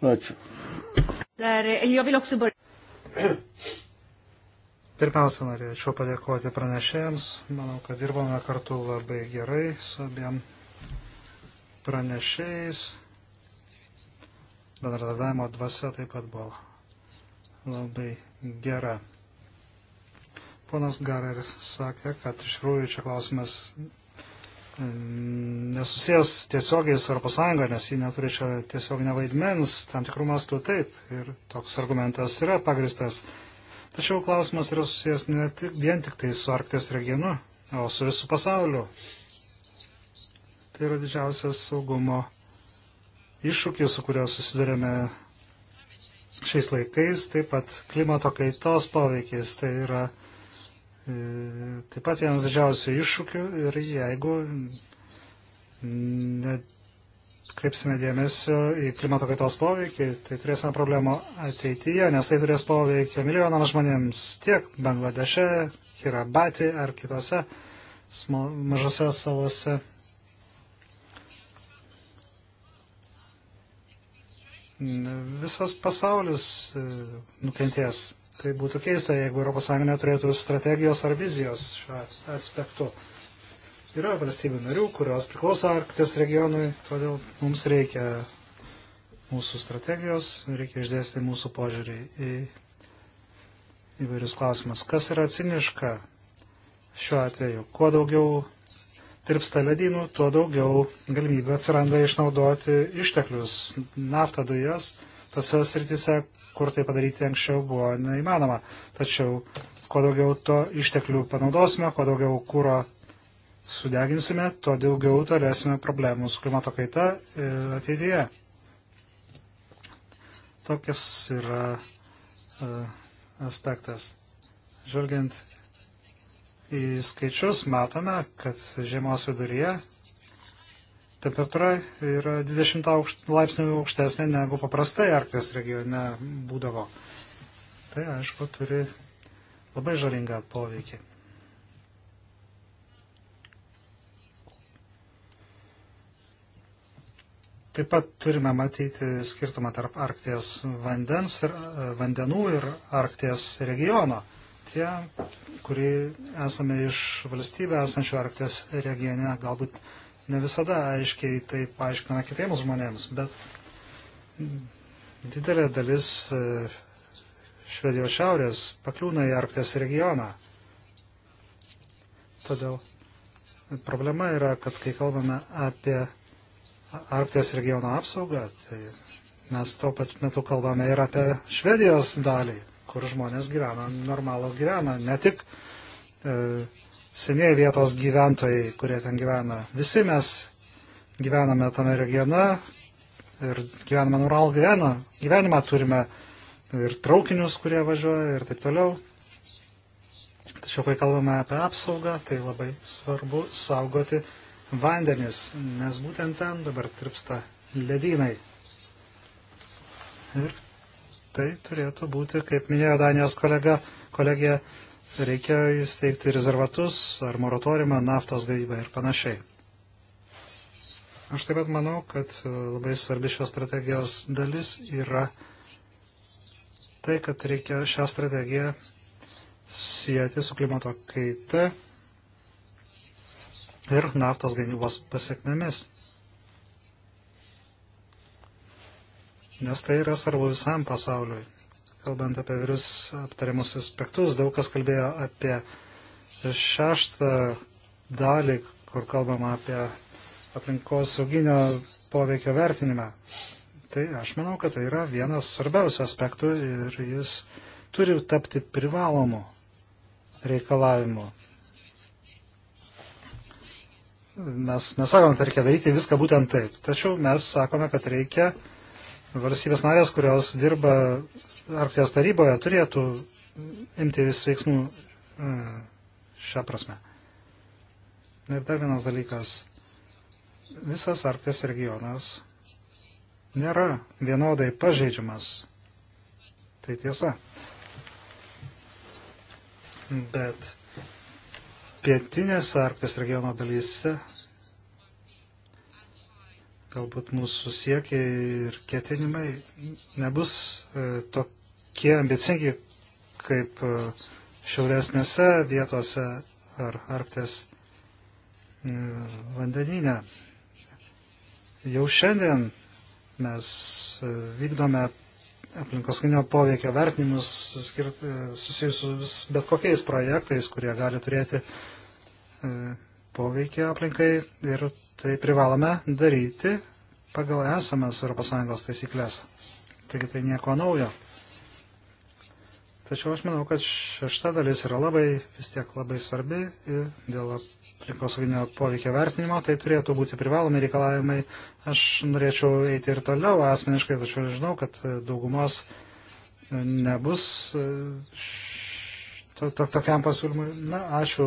Ačiū. Dar, jo vėl oksibor. Pirmiausia, norėčiau padėkoti pranešėjams. Manau, kad dirbame kartu labai gerai su abiem pranešėjais. Bendradarbiavimo dvasia taip pat buvo labai gera. Ponas Garer sakė, kad iš tikrųjų čia klausimas nesusijęs tiesiogiai su ES, nes ji neturi čia tiesioginio vaidmens, tam tikrų mastų taip, ir toks argumentas yra pagristas. Tačiau klausimas yra susijęs ne tik, vien tik tai su Arkties regionu, o su visų pasauliu. Tai yra didžiausias saugumo iššūkis, su kurio susidurėme šiais laikais, taip pat klimato kaitos poveikis, tai yra taip pat vienas didžiausių iššūkių ir jeigu kreipsime dėmesio į klimato kaitos poveikį, tai turėsime problemų ateityje, nes tai turės poveikį milijonams žmonėms tiek Bangladeše, Kirabati ar kitose mažose salose. Visas pasaulis e, nukentės Tai būtų keista, jeigu ES neturėtų strategijos ar vizijos šiuo aspektu. Yra valstybių narių, kurios priklauso Arktis regionui, todėl mums reikia mūsų strategijos, reikia išdėsti mūsų požiūrį į įvairius klausimus. Kas yra ciniška šiuo atveju? Kuo daugiau tirpsta ledynų, tuo daugiau galimybių atsiranda išnaudoti išteklius, naftą, dujas, tose sritise, kur tai padaryti anksčiau buvo neįmanoma. Tačiau kuo daugiau to išteklių panaudosime, kuo daugiau kūro sudeginsime, tuo daugiau turėsime problemų su klimato kaita e, ateityje. Tokias yra e, aspektas. Žvelgiant į skaičius, matome, kad žiemos viduryje Temperatūra yra 20 aukšt, laipsnių aukštesnė negu paprastai Arkties regione būdavo. Tai aišku, turi labai žalingą poveikį. Taip pat turime matyti skirtumą tarp Arkties vandens ir e, vandenų ir Arkties regiono. Tie, kurie esame iš valstybė esančių Arkties regione, galbūt ne visada aiškiai tai paaiškina kitiems žmonėms, bet didelė dalis e, Švedijos šiaurės pakliūna į Arktės regioną. Todėl problema yra, kad kai kalbame apie Arktės regiono apsaugą, tai mes tuo pat metu kalbame ir apie Švedijos dalį, kur žmonės gyvena normalų gyvena, ne tik e, senieji vietos gyventojai, kurie ten gyvena. Visi mes gyvename tame regione ir gyvename nural gyveną. gyvenimą, turime ir traukinius, kurie važiuoja ir taip toliau. Tačiau, kai kalbame apie apsaugą, tai labai svarbu saugoti vandenis, nes būtent ten dabar tripsta ledynai. Ir tai turėtų būti, kaip minėjo Danijos kolega, kolegija, reikia įsteigti rezervatus ar moratoriumą naftos gavybą ir panašiai. Aš taip pat manau, kad e, labai svarbi šios strategijos dalis yra tai, kad reikia šią strategiją sieti su klimato kaita ir naftos gamybos pasiekmėmis. Nes tai yra svarbu visam pasauliui kalbant apie virus aptariamus aspektus, daug kas kalbėjo apie šeštą dalį, kur kalbama apie aplinkos sauginio poveikio vertinimą. Tai aš manau, kad tai yra vienas svarbiausių aspektų ir jis turi tapti privalomu reikalavimu. Mes nesakome, kad reikia daryti viską būtent taip, tačiau mes sakome, kad reikia valstybės narės, kurios dirba Arkties taryboje turėtų imtis veiksmų e, šią prasme. Ir dar vienas dalykas. Visas Arkties regionas nėra vienodai pažeidžiamas. Tai tiesa. Bet pietinėse Arkties regiono dalyse galbūt mūsų siekiai ir ketinimai nebus e, tokie ambicingi kaip e, šiauresnėse vietose ar Arkties e, vandenyne. Jau šiandien mes vykdome aplinkoskinio poveikio vertinimus susijusius bet kokiais projektais, kurie gali turėti poveikia aplinkai ir tai privalome daryti pagal esamas ES taisyklės. Taigi tai nieko naujo. Tačiau aš manau, kad šešta dalis yra labai, vis tiek labai svarbi dėl aplinkosauginio poveikio vertinimo, tai turėtų būti privalomi reikalavimai. Aš norėčiau eiti ir toliau asmeniškai, tačiau žinau, kad daugumos nebus e, to, to, tokiam pasiūlymui. Na, ačiū,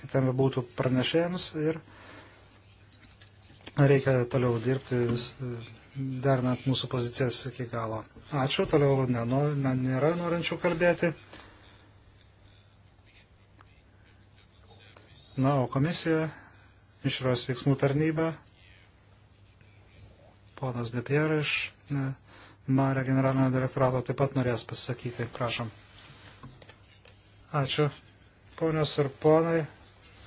kaip ten būtų pranešėjams ir reikia toliau dirbti, dernant mūsų pozicijas iki galo. Ačiū, toliau nenu, nėra norinčių kalbėti. Na, o komisija, išros veiksmų tarnyba, ponas Depier iš Mare generalinio direktorato taip pat norės pasakyti, prašom. Ačiū. Ponios ir ponai,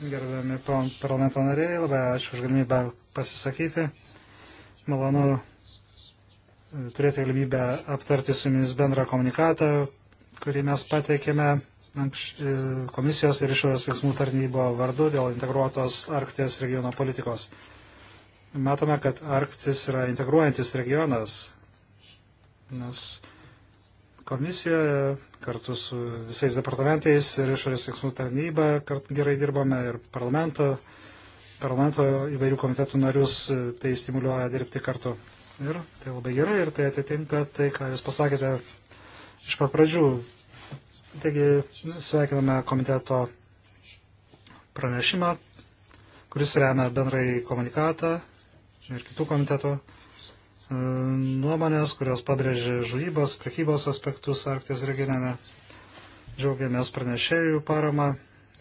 gerbiami parlamento nariai, labai ačiū už galimybę pasisakyti. Malonu e, turėti galimybę aptarti su jumis bendrą komunikatą, kurį mes pateikėme e, komisijos ir išorės veiksmų tarnybo vardu dėl integruotos Arkties regiono politikos. Matome, kad Arktis yra integruojantis regionas, nes komisijoje kartu su visais departamentais ir išorės veiksmų tarnyba gerai dirbame ir parlamento parlamento įvairių komitetų narius, e, tai stimuliuoja dirbti kartu. Ir tai labai gerai ir tai atitinka tai, ką Jūs pasakėte iš pat pradžių. Taigi sveikiname komiteto pranešimą, kuris remia bendrai komunikatą ir kitų komiteto e, nuomonės, kurios pabrėžia žvejybos, prekybos aspektus Arkties regione. Džiaugiamės pranešėjų parama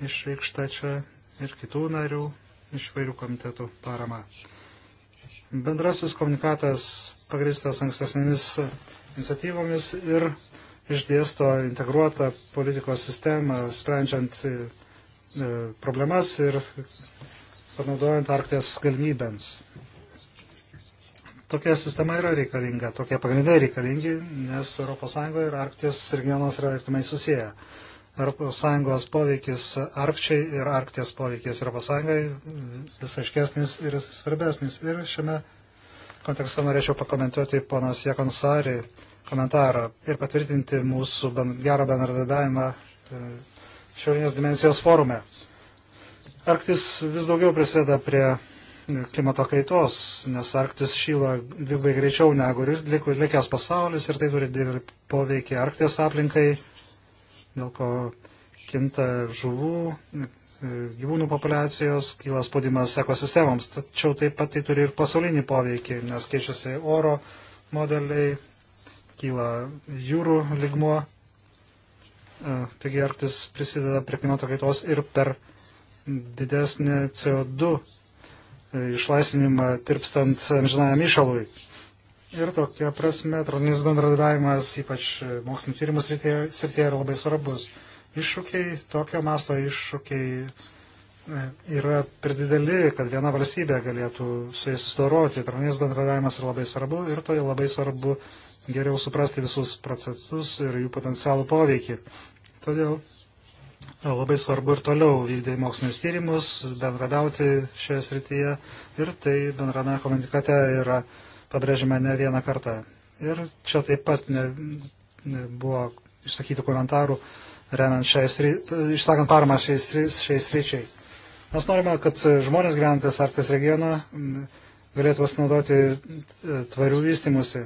išreikšta čia ir kitų narių iš vairių komitetų parama. Bendrasis komunikatas pagristas ankstesnėmis iniciatyvomis ir išdėsto integruotą politikos sistemą, sprendžiant e, e, problemas ir panaudojant Arktijos galimybėms. Tokia sistema yra reikalinga, tokie pagrindai reikalingi, nes ES ir Arktijos regionas yra artimai susiję. ES poveikis Arkčiai ir Arkties poveikis ES vis aiškesnis ir svarbesnis. Ir šiame kontekste norėčiau pakomentuoti ponos Jekonsarį komentarą ir patvirtinti mūsų ben, gerą bendradarbiavimą e, šiaurinės dimensijos forume. Arktis vis daugiau prisideda prie klimato kaitos, nes Arktis šyla dvigubai greičiau negu likęs pasaulis ir tai turi didelį poveikį Arkties aplinkai dėl ko kinta žuvų, e, gyvūnų populiacijos, kyla spaudimas ekosistemoms. Tačiau taip pat tai turi ir pasaulinį poveikį, nes keičiasi oro modeliai, kyla jūrų ligmuo. E, taigi Arktis prisideda prie klimato kaitos ir per didesnį CO2 e, išlaisvinimą tirpstant amžinajam išalui. Ir tokia prasme, troninis bendradarbiavimas, ypač mokslinio tyrimų srityje, yra labai svarbus. Iššūkiai, tokio masto iššūkiai e, yra per dideli, kad viena valstybė galėtų su jais susidoroti. Troninis bendradarbiavimas yra labai svarbu ir to labai svarbu geriau suprasti visus procesus ir jų potencialų poveikį. Todėl e, labai svarbu ir toliau vykdyti mokslinius tyrimus, bendradauti šioje srityje ir tai bendrame komunikate yra. Yra pabrėžime ne vieną kartą. Ir čia taip pat ne, ne, buvo išsakyti komentarų, remiant šiais, išsakant paramą šiais, šiais ryčiai. Mes norime, kad žmonės gyvenantis Arktis regioną galėtų pasinaudoti e, tvarių vystimusi.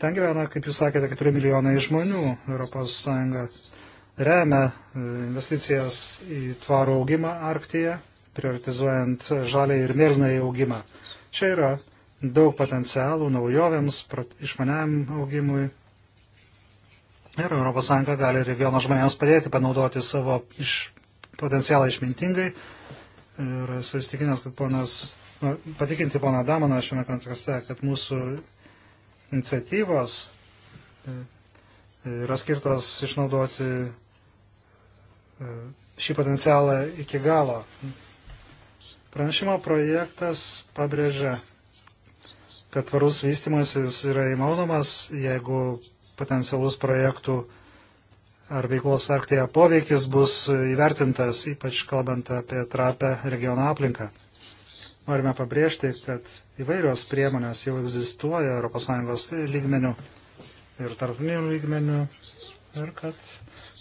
Ten gyvena, kaip jūs sakėte, 4 milijonai žmonių. ES remia e, investicijas į tvarų augimą Arktyje, prioritizuojant žaliai ir mėlynai augimą. Čia yra daug potencialų naujovėms, išmaniam augimui. Ir ES gali regiono žmonėms padėti panaudoti savo iš, potencialą išmintingai. Ir esu įstikinęs, kad ponas, nu, patikinti poną Damoną šiame kontekste, kad mūsų iniciatyvos e, yra skirtos išnaudoti e, šį potencialą iki galo. Pranešimo projektas pabrėžia kad tvarus vystimasis yra įmanomas, jeigu potencialus projektų ar veiklos arktėje poveikis bus įvertintas, ypač kalbant apie trapę regiono aplinką. Norime pabrėžti, kad įvairios priemonės jau egzistuoja ES lygmenių ir tarptautinių lygmenių ir kad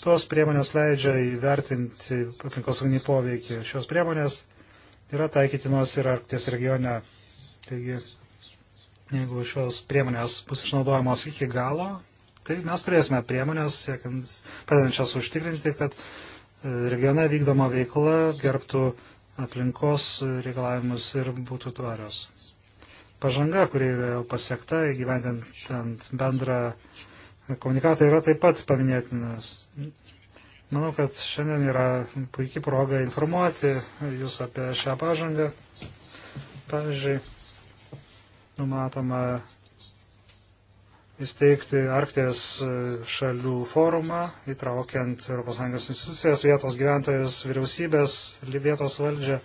tos priemonės leidžia įvertinti aplinkosauginį poveikį. Šios priemonės yra taikytinos ir Arkties regione. Taigi Jeigu šios priemonės bus išnaudojamos iki galo, tai mes turėsime priemonės, siekiant, padedančias užtikrinti, kad e, regione vykdoma veikla gerbtų aplinkos reikalavimus ir būtų tvarios. Pažanga, kuri jau pasiekta, įgyvendintant bendrą komunikatą, yra taip pat paminėtinas. Manau, kad šiandien yra puikia proga informuoti jūs apie šią pažangą. Pavyzdžiui, numatoma įsteigti Arkties e, šalių forumą, įtraukiant ES institucijas, vietos gyventojus, vyriausybės, vietos valdžią,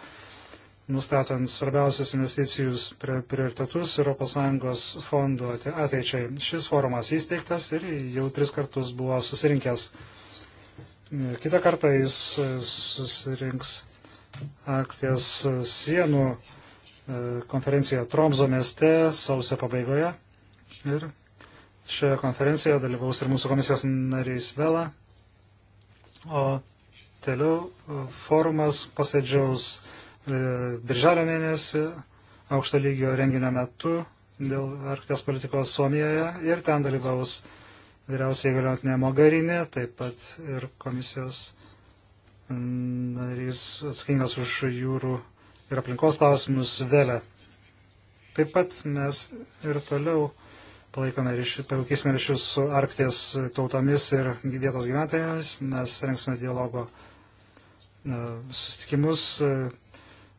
nustatant svarbiausius investicijus prioritetus ES fondų ateičiai. Šis forumas įsteigtas ir jau tris kartus buvo susirinkęs. E, Kita kartą jis e, susirinks Arkties sienų E, konferenciją Tromso mieste sausio pabaigoje. Ir šioje konferencijoje dalyvaus ir mūsų komisijos narys Vela. O toliau e, forumas posėdžiaus e, birželio mėnesį aukšto lygio renginio metu dėl arkties politikos Suomijoje ir ten dalyvaus vyriausiai galiotinė Mogarinė, taip pat ir komisijos narys atsakingas už jūrų ir aplinkos klausimus vėlę. Taip pat mes ir toliau palaikome ryšius, palaikysime ryšius su Arkties tautomis ir vietos gyventojais. Mes rengsime dialogo susitikimus e,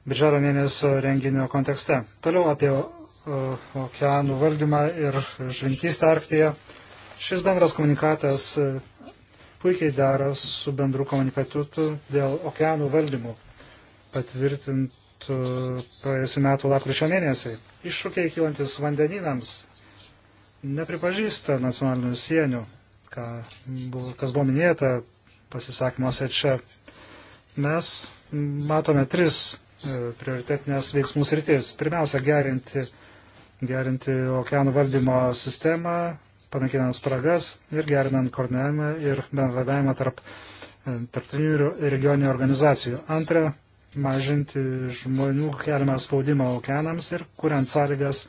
birželio mėnesio renginio kontekste. Toliau apie e, okeanų valdymą ir žvinkystę Arktyje. Šis bendras komunikatas e, puikiai dera su bendru komunikatu dėl okeanų valdymų patvirtint E, praėjusiu metu lapkričio mėnesį. Iššūkiai kylantis vandeninams nepripažįsta nacionalinių sienių, kas buvo minėta pasisakymuose čia. Mes matome tris e, prioritetinės veiksmų sritis. Pirmiausia, gerinti, gerinti okeanų valdymo sistemą, panaikinant spragas ir gerinant koordinavimą ir bendradavimą tarp e, tarptautinių ir regioninių organizacijų. Antra, mažinti žmonių keliamą spaudimą okeanams ir kuriant sąlygas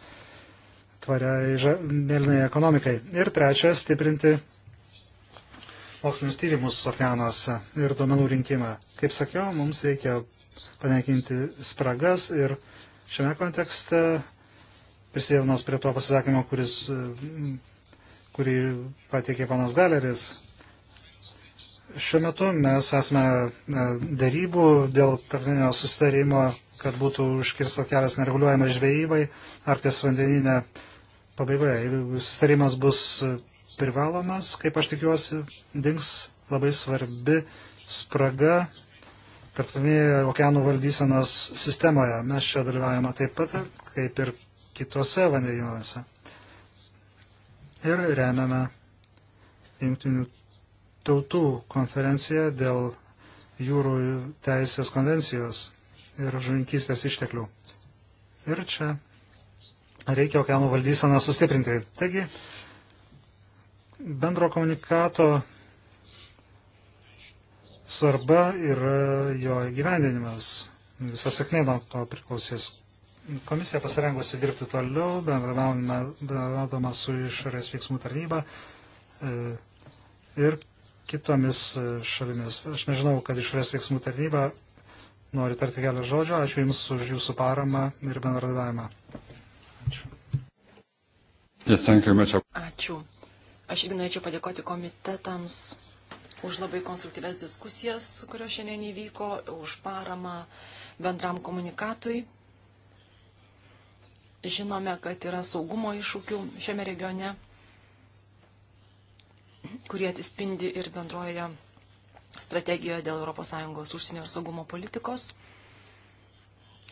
tvariai mėlynai ekonomikai. Ir trečia, stiprinti mokslinius tyrimus okeanuose ir duomenų rinkimą. Kaip sakiau, mums reikia panaikinti spragas ir šiame kontekste, prisėdamas prie to pasisakymo, kuris, kurį pateikė panas Galeris, Šiuo metu mes esame e, darybų dėl tarptautinio susitarimo, kad būtų užkirsta kelias nereguliuojamai žvejybai Arkties vandeninė pabaigoje. Jeigu susitarimas bus privalomas, kaip aš tikiuosi, dings labai svarbi spraga tarptautinėje okeanų valdysenos sistemoje. Mes čia dalyvavome taip pat, kaip ir kitose vandenynuose. Ir remiame jungtinių tautų konferencija dėl jūrų teisės konvencijos ir žuvinkystės išteklių. Ir čia reikia okeanų valdyseną sustiprinti. Taigi, bendro komunikato svarba yra jo gyvendinimas. Visa sėkmė nuo to priklausys. Komisija pasirengusi dirbti toliau, bendradaudama su išorės veiksmų tarnyba e, ir kitomis e, šalimis. Aš nežinau, kad išorės veiksmų tarnyba nori tarti kelią žodžio. Ačiū Jums už Jūsų paramą ir bendradavimą. Ačiū. Yes, Ačiū. Aš irgi norėčiau padėkoti komitetams už labai konstruktyves diskusijas, kurios šiandien įvyko, už paramą bendram komunikatui. Žinome, kad yra saugumo iššūkių šiame regione kurie atsispindi ir bendroje strategijoje dėl ES užsienio ir saugumo politikos.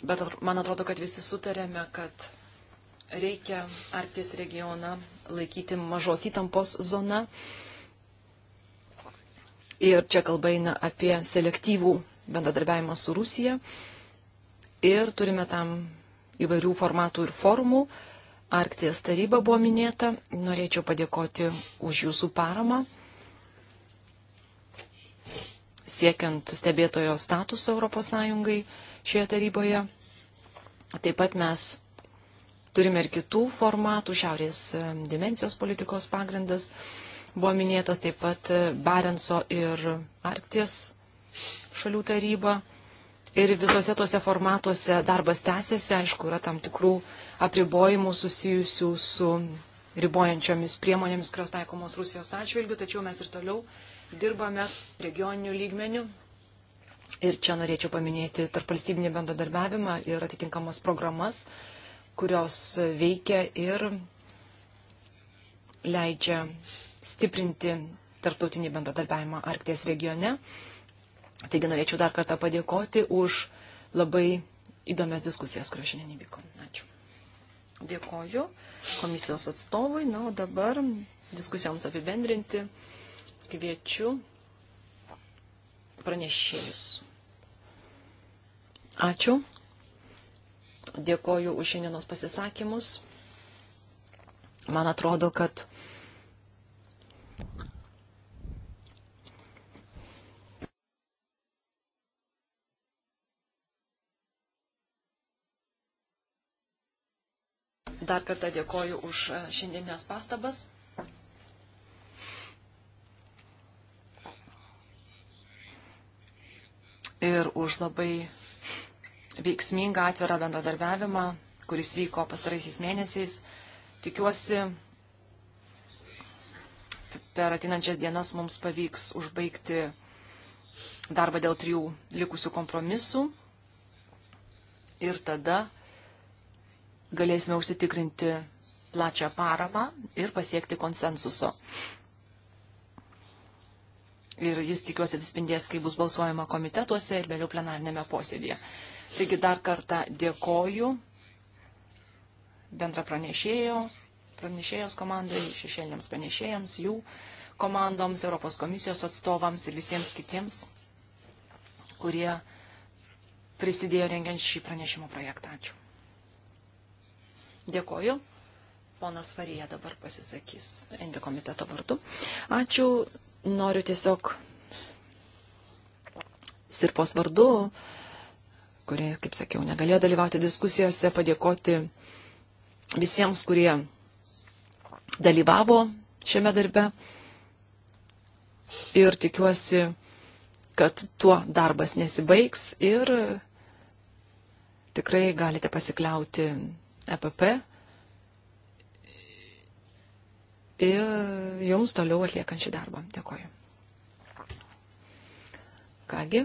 Bet man atrodo, kad visi sutarėme, kad reikia Arkties regioną laikyti mažos įtampos zona. Ir čia kalba eina apie selektyvų bendradarbiavimą su Rusija. Ir turime tam įvairių formatų ir formų. Uh, Arkties taryba buvo minėta. Norėčiau padėkoti už jūsų paramą siekiant stebėtojo statuso ES šioje taryboje. Taip pat mes turime ir kitų formatų, šiaurės e, dimensijos politikos pagrindas buvo minėtas taip pat e, Barenso ir Arkties šalių taryba. Ir visose tuose formatuose darbas tęsiasi, aišku, yra tam tikrų apribojimų susijusių su ribojančiomis priemonėmis, kurios taikomos Rusijos atžvilgių, tačiau mes ir toliau dirbame regioninių lygmenių. Ir čia norėčiau paminėti tarp valstybinį bendradarbiavimą ir atitinkamas programas, kurios veikia ir leidžia stiprinti tarptautinį bendradarbiavimą Arkties regione. Taigi norėčiau dar kartą padėkoti už labai įdomias diskusijas, kurios šiandien įvyko. Ačiū. Dėkoju komisijos atstovui. Na, o dabar diskusijoms apibendrinti kviečiu pranešėjus. Ačiū. Dėkoju už šiandienos pasisakymus. Man atrodo, kad Dar kartą dėkoju už e, šiandienės pastabas. Ir už labai veiksmingą atvirą bendradarbiavimą, kuris vyko pastaraisiais mėnesiais. Tikiuosi, per atinančias dienas mums pavyks užbaigti darbą dėl trijų likusių kompromisų. Ir tada galėsime užsitikrinti plačią paramą ir pasiekti konsensuso. Ir jis tikiuosi atsispindės, kai bus balsuojama komitetuose ir vėliau plenarnėme posėdėje. Taigi dar kartą dėkoju bendra pranešėjo, pranešėjos komandai, šešėliniams pranešėjams, jų komandoms, Europos komisijos atstovams ir visiems kitiems, kurie prisidėjo rengiant šį pranešimo projektą. Ačiū. Dėkoju. Ponas Varija dabar pasisakys Endi komiteto vardu. Ačiū. Noriu tiesiog Sirpos vardu, kuri, kaip sakiau, negalėjo dalyvauti diskusijose, padėkoti visiems, kurie dalyvavo šiame darbe. Ir tikiuosi, kad tuo darbas nesibaigs ir tikrai galite pasikliauti EPP ir jums toliau atliekant šį darbą. Dėkoju. Kągi,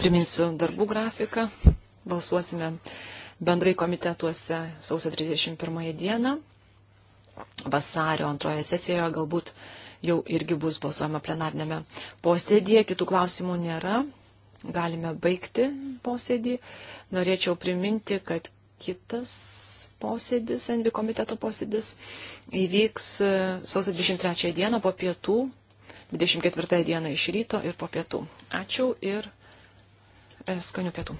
priminsiu darbų grafiką. Balsuosime bendrai komitetuose sausio 31 dieną. Vasario antroje sesijoje galbūt jau irgi bus balsuojama plenarnėme posėdėje. Kitų klausimų nėra galime baigti posėdį. Norėčiau priminti, kad kitas posėdis, NV komiteto posėdis, įvyks e, sausio 23 dieną po pietų, 24 dieną iš ryto ir po pietų. Ačiū ir e, skanių pietų.